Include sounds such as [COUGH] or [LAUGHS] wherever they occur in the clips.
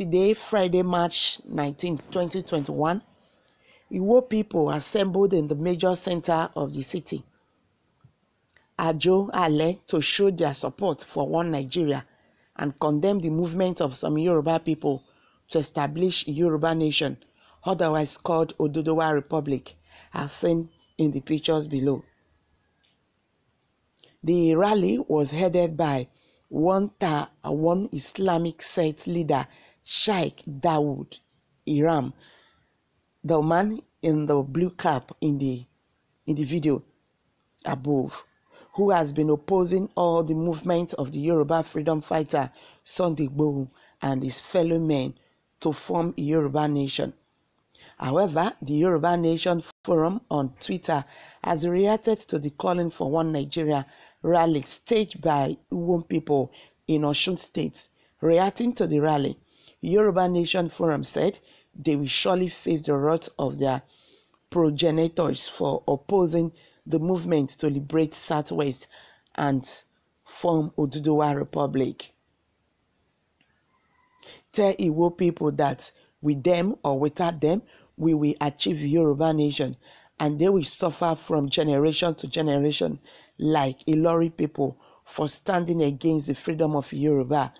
Yesterday, Friday, March 19, 2021, Iwo people assembled in the major center of the city, Ajo Ale, to show their support for One Nigeria and condemn the movement of some Yoruba people to establish a Yoruba nation, otherwise called Oduduwa Republic, as seen in the pictures below. The rally was headed by one, ta, one Islamic sect leader Shaikh Dawood Iram, the man in the blue cap in the in the video above, who has been opposing all the movements of the Yoruba freedom fighter Sunday Igboho and his fellow men to form a Yoruba nation. However, the Yoruba Nation Forum on Twitter has reacted to the calling for one Nigeria rally staged by Uwon people in Osun State. Reacting to the rally, Yoruba Nation Forum said they will surely face the wrath of their progenitors for opposing the movement to liberate Southwest and form Oduduwa Republic. Tell Iwo people that with them or without them, we will achieve Yoruba Nation and they will suffer from generation to generation like Ilori people for standing against the freedom of Yoruba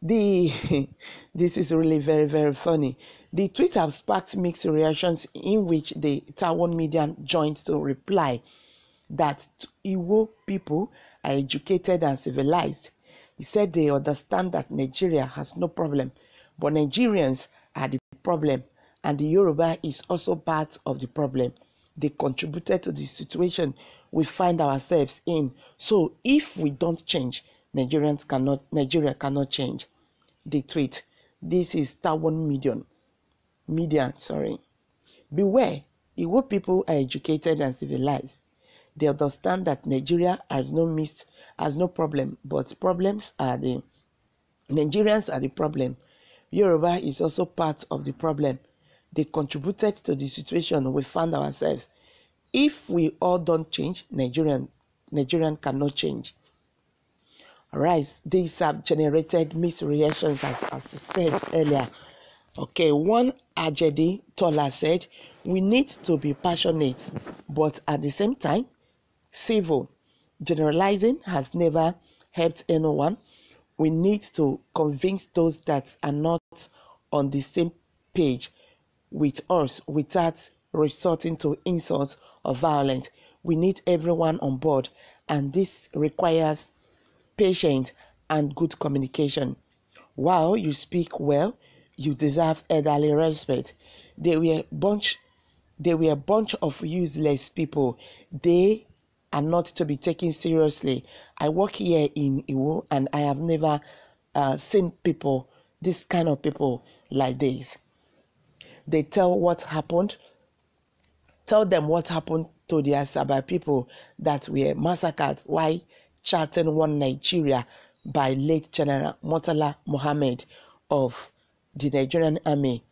the [LAUGHS] this is really very very funny. The tweet have sparked mixed reactions in which the Taiwan media joined to reply that Iwo people are educated and civilized. He said they understand that Nigeria has no problem, but Nigerians are the problem, and the Yoruba is also part of the problem. They contributed to the situation we find ourselves in. So if we don't change, Nigerians cannot, Nigeria cannot change. They tweet. This is Taiwan Median. Media, sorry. Beware, Igbo people are educated and civilized. They understand that Nigeria has no missed, has no problem, but problems are the Nigerians are the problem. Yoruba is also part of the problem. They contributed to the situation we found ourselves. If we all don't change, Nigerian Nigerian cannot change. Right, these have generated misreactions, as, as said earlier. Okay, one Ajedi Tola said, We need to be passionate, but at the same time, civil. Generalizing has never helped anyone. We need to convince those that are not on the same page with us without resorting to insults or violence. We need everyone on board, and this requires patience, and good communication. While you speak well, you deserve elderly respect. They were a bunch, they were a bunch of useless people. They are not to be taken seriously. I work here in Iwo and I have never uh, seen people, this kind of people like this. They tell what happened, tell them what happened to their Sabah people that were massacred. Why? Charting One Nigeria by late General Motala Mohammed of the Nigerian Army.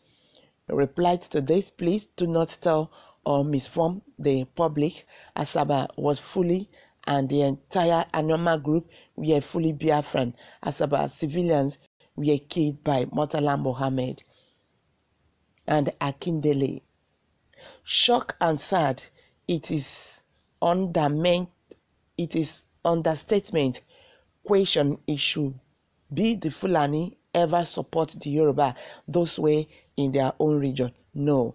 Replied to this, please do not tell or misform the public. Asaba was fully and the entire Anoma group were fully Biafran. Asaba civilians were killed by Motala Mohammed and Akindele. Shock and sad, it is undermined, it is understatement question issue. Did the Fulani ever support the Yoruba those way in their own region? No.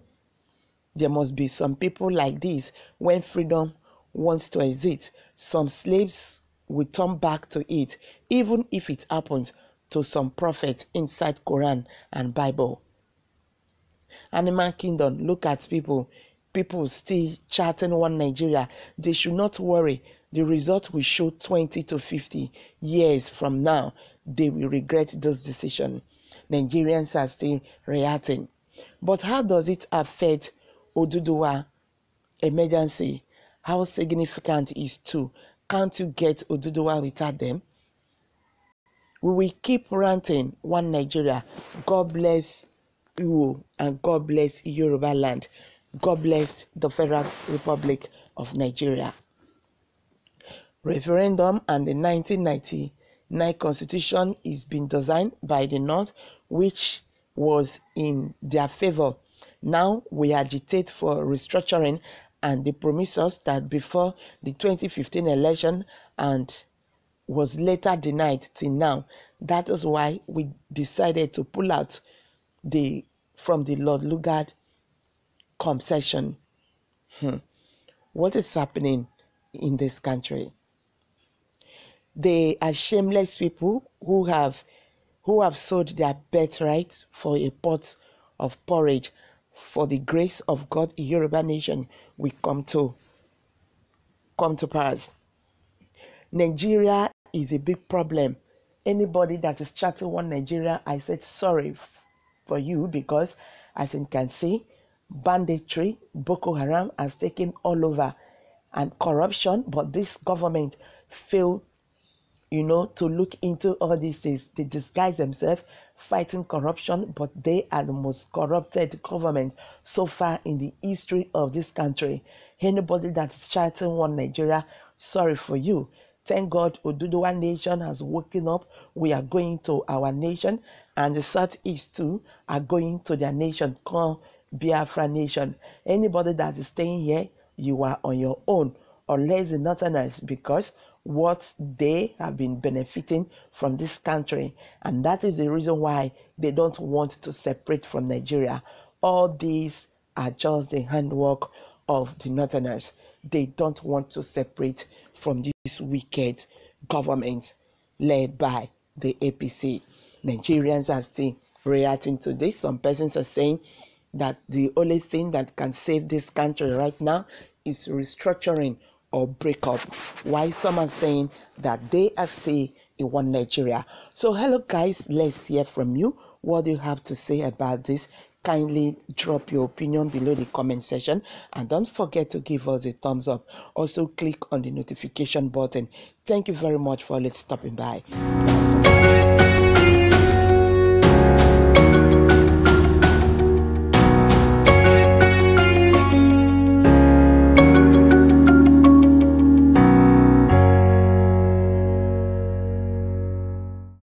There must be some people like this when freedom wants to exist. Some slaves will turn back to it, even if it happens to some prophets inside Quran and Bible. Animal kingdom, look at people. People still chatting one Nigeria. They should not worry the result will show 20 to 50 years from now, they will regret this decision. Nigerians are still reacting. But how does it affect Oduduwa emergency? How significant is two? Can't you get Oduduwa without them? We will keep ranting one Nigeria. God bless you and God bless Yoruba land. God bless the Federal Republic of Nigeria referendum and the 1999 constitution is being designed by the North, which was in their favor. Now we agitate for restructuring and they promise us that before the 2015 election and was later denied till now. That is why we decided to pull out the from the Lord Lugard concession. Hmm. What is happening in this country? They are shameless people who have who have sold their birthright for a pot of porridge. For the grace of God, Yoruba nation we come to come to pass. Nigeria is a big problem. Anybody that is chatting one Nigeria, I said sorry for you because, as you can see, banditry, Boko Haram has taken all over and corruption, but this government failed you know, to look into all these things. They disguise themselves fighting corruption, but they are the most corrupted government so far in the history of this country. Anybody that is chanting one Nigeria, sorry for you. Thank God Oduduwa Nation has woken up. We are going to our nation, and the Southeast too are going to their nation called Biafra Nation. Anybody that is staying here, you are on your own, unless the Northerners, because what they have been benefiting from this country. And that is the reason why they don't want to separate from Nigeria. All these are just the handwork of the Northerners. They don't want to separate from this wicked government led by the APC. Nigerians are still reacting to this. Some persons are saying that the only thing that can save this country right now is restructuring or break up. Why some are saying that they are still in one Nigeria. So hello guys, let's hear from you. What do you have to say about this? Kindly drop your opinion below the comment section and don't forget to give us a thumbs up. Also click on the notification button. Thank you very much for stopping by.